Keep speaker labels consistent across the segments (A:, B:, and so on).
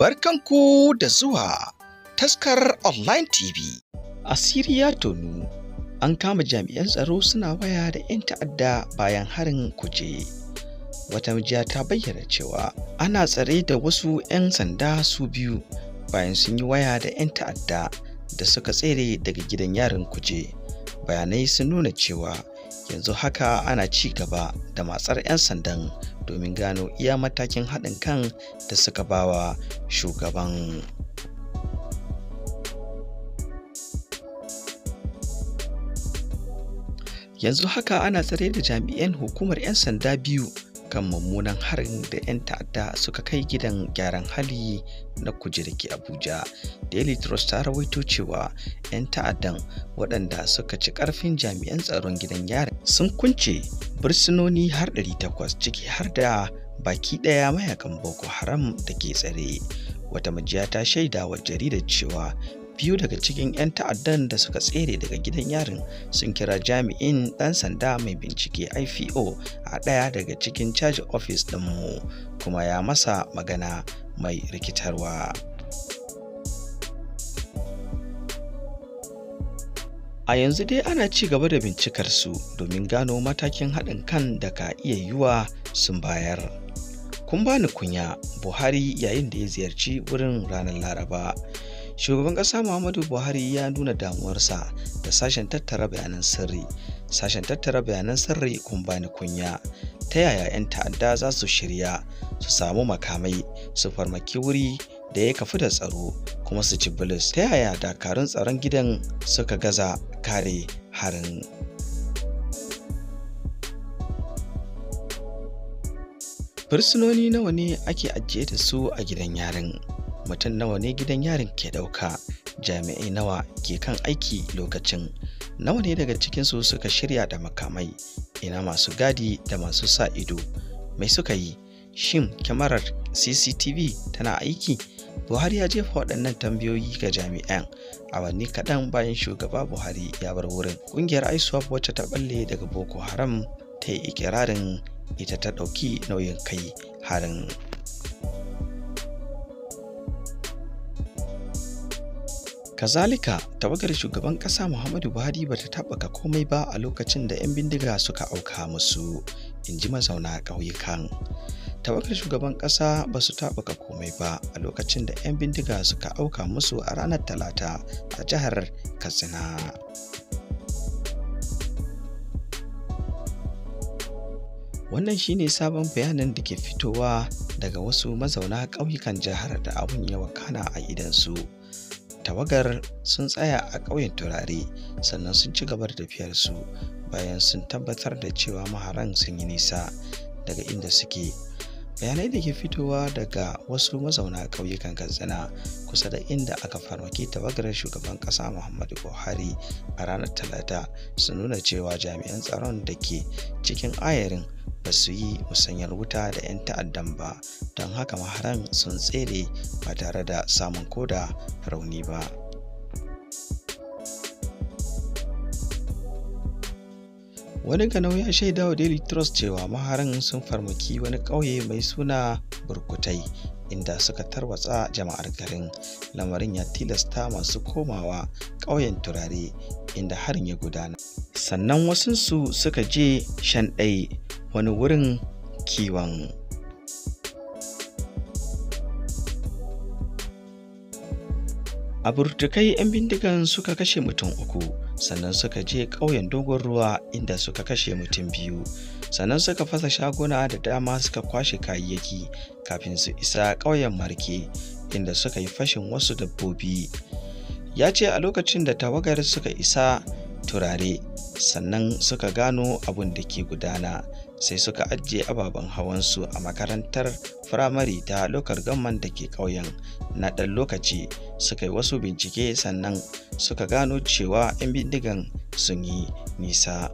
A: barkanku da zuwa taskar online TV. Asiriya tonu an kama jami'an tsaro suna waya da 'yan ta'adda bayan harin kuje. Wata mijiya ta bayyana cewa ana tsare da wasu 'yan sanda su biyu bayan sun yi waya da 'yan ta'adda da suka tsere daga gidan yarin kuje. Bayanai sun nuna cewa yanzu haka ana ci gaba da matsar 'yan sandan domin gano iya matakin haɗin kan da suka bawa shugaban yanzu haka ana tsare da jami'an hukumar 'yan sanda biyu kan mummunan harin da 'yan ta'adda suka kai gidan gyaran hali na kujerki abuja daily trust ta rawaito cewa 'yan ta'addan waɗanda suka ci ƙarfin jami'an tsaron gidan yari sun kunce bursunoni har 800 ciki har da baki ɗaya mayakan boko haram da ke tsare wata majiya ta shaida wa jaridar cewa biyu daga cikin 'yan ta'addan da suka tsere daga gidan yarin sun kira jami'in ɗan sanda mai bincike ipo a ɗaya daga cikin caji ofis ɗinmu kuma ya masa magana mai rikitarwa a yanzu dai ana ci gaba da bincikar su domin gano matakin haɗin kan da ka iya yiwa sun bayar kun bani kunya buhari yayin da ya ziyarci wurin ranar laraba shugaban ƙasa muhammadu buhari ya nuna damuwarsa da sashen tattara bayanan sirri sashen tattara bayanan sirri kun bani kunya ta yaya 'yan ta'adda za su shirya su samu makamai su farmaki wuri da ya kafu da tsaro kuma su ci bilis ta yaya dakarun tsaron gidan suka gaza kare harin fursunoni nawa ne ake ajiye da su a gidan yarin mutum nawa ne gidan yarin ke ɗauka jami'ai nawa ke kan aiki lokacin nawa ne daga cikinsu suka shirya da makamai ina masu gadi da masu sa ido mai suka yi shin kyamarar cctv tana aiki buhari ya jefa waɗannan tambayoyi ga jami'an awanni kaɗan bayan shugaba buhari ya bar wurin ƙungiyar iswap wacce ta balle daga boko haram ta yi ikirarin ita ta ɗauki nauyin kai harin Kazalika, tawagar shugaban ƙasa Muhammadu Buhari bata taɓaka komai ba a lokacin da 'yan bindiga suka auka musu, in ji mazauna ƙauyukan. Tawagar shugaban ƙasa ba su taɓaka komai ba a lokacin da 'yan bindiga suka auka musu a ranar Talata a jihar Katsina. wannan shine sabon bayanin da ke fitowa daga wasu mazauna ƙauyukan jihar da abun ya wakana a idansu tawagar sun tsaya a ƙauyen turare sannan sun ci gaba da tafiyarsu bayan sun tabbatar da cewa maharan sun yi nisa daga inda suke bayanai da ke fitowa daga wasu mazauna ƙauyukan katsina kusa da inda aka farmaki tawagar shugaban ƙasa muhammadu buhari a ranar talata sun nuna cewa jami'an tsaron da ke cikin ayarin ba su yi musanyar wuta da 'yan ta'addan ba don haka maharan sun tsere ba tare da samun koda rauni ba wani ganau ya shaida wa daily trust cewa maharan sun farmaki wani ƙauye mai suna burkutai inda suka tarwatsa jama'ar garin lamarin ya tilasta masu komawa ƙauyen turare inda harin ya gudana sannan wasunsu suka je shan ɗai wani wurin kiwon a burtukai 'yan bindigan suka kashe mutum uku sannan suka je ƙauyen dogon ruwa inda suka kashe mutum biyu sannan suka fasa shaguna da dama suka kwashe kayayyaki kafin su isa ƙauyen marke inda suka yi fashin wasu dabbobi ya ce a lokacin da tawagar suka isa turare sannan suka gano abin da ke gudana sai suka ajiye ababen hawansu a makarantar firamare ta lokar gamman da ke ƙauyen na ɗan lokaci suka yi wasu bincike sannan suka gano cewa 'yan bindigan sun yi nisa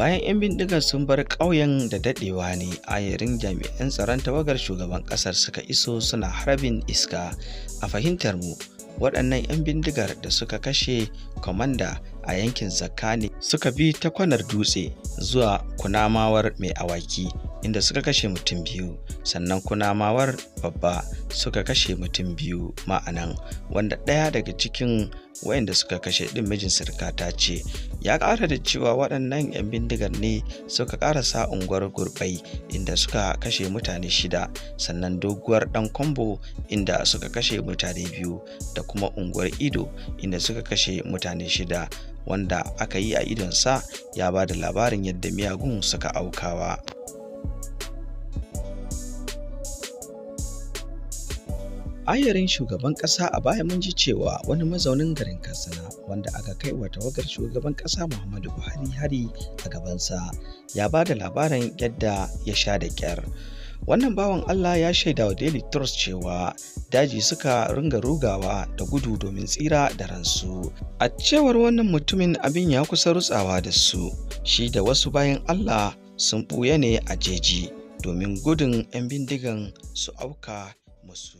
A: bayan 'yan bindigar sun bar ƙauyen da daɗewa ne ayarin jami'an tsaron tawagar shugaban ƙasar suka iso suna harbin iska a fahimtar mu waɗannan 'yan bindigar da suka kashe kwamanda a yankin Zakane suka bi ta kwanar dutse zuwa kunamawar mai awaki inda suka kashe mutum biyu sannan kunamawar babba suka kashe mutum biyu ma'anan wanda ɗaya daga cikin wayanda suka kashe ɗin mijin sirkata ce ya ƙara da cewa waɗannan 'yan bindigar ne suka ƙara sa unguwar gurbai inda suka kashe mutane shida sannan doguwar ɗan kwambo inda suka kashe mutane biyu da kuma unguwar ido inda suka kashe mutane shida wanda aka yi a idonsa ya ba da labarin yadda miyagun suka aukawa. ayarin shugaban ƙasa a baya mun ji cewa wani mazaunin garin katsina wanda aka kai wa tawagar shugaban ƙasa muhammadu buhari hari a gabansa ya ba da labarin yadda ya sha da kyar wannan bawan allah ya shaida wa daily trust cewa daji suka ringa rugawa da gudu domin tsira da ransu a cewar wannan mutumin abin ya kusa rutsawa da su shi da wasu bayan allah sun ɓuya ne a jeji domin gudun 'yan bindigan su auka musu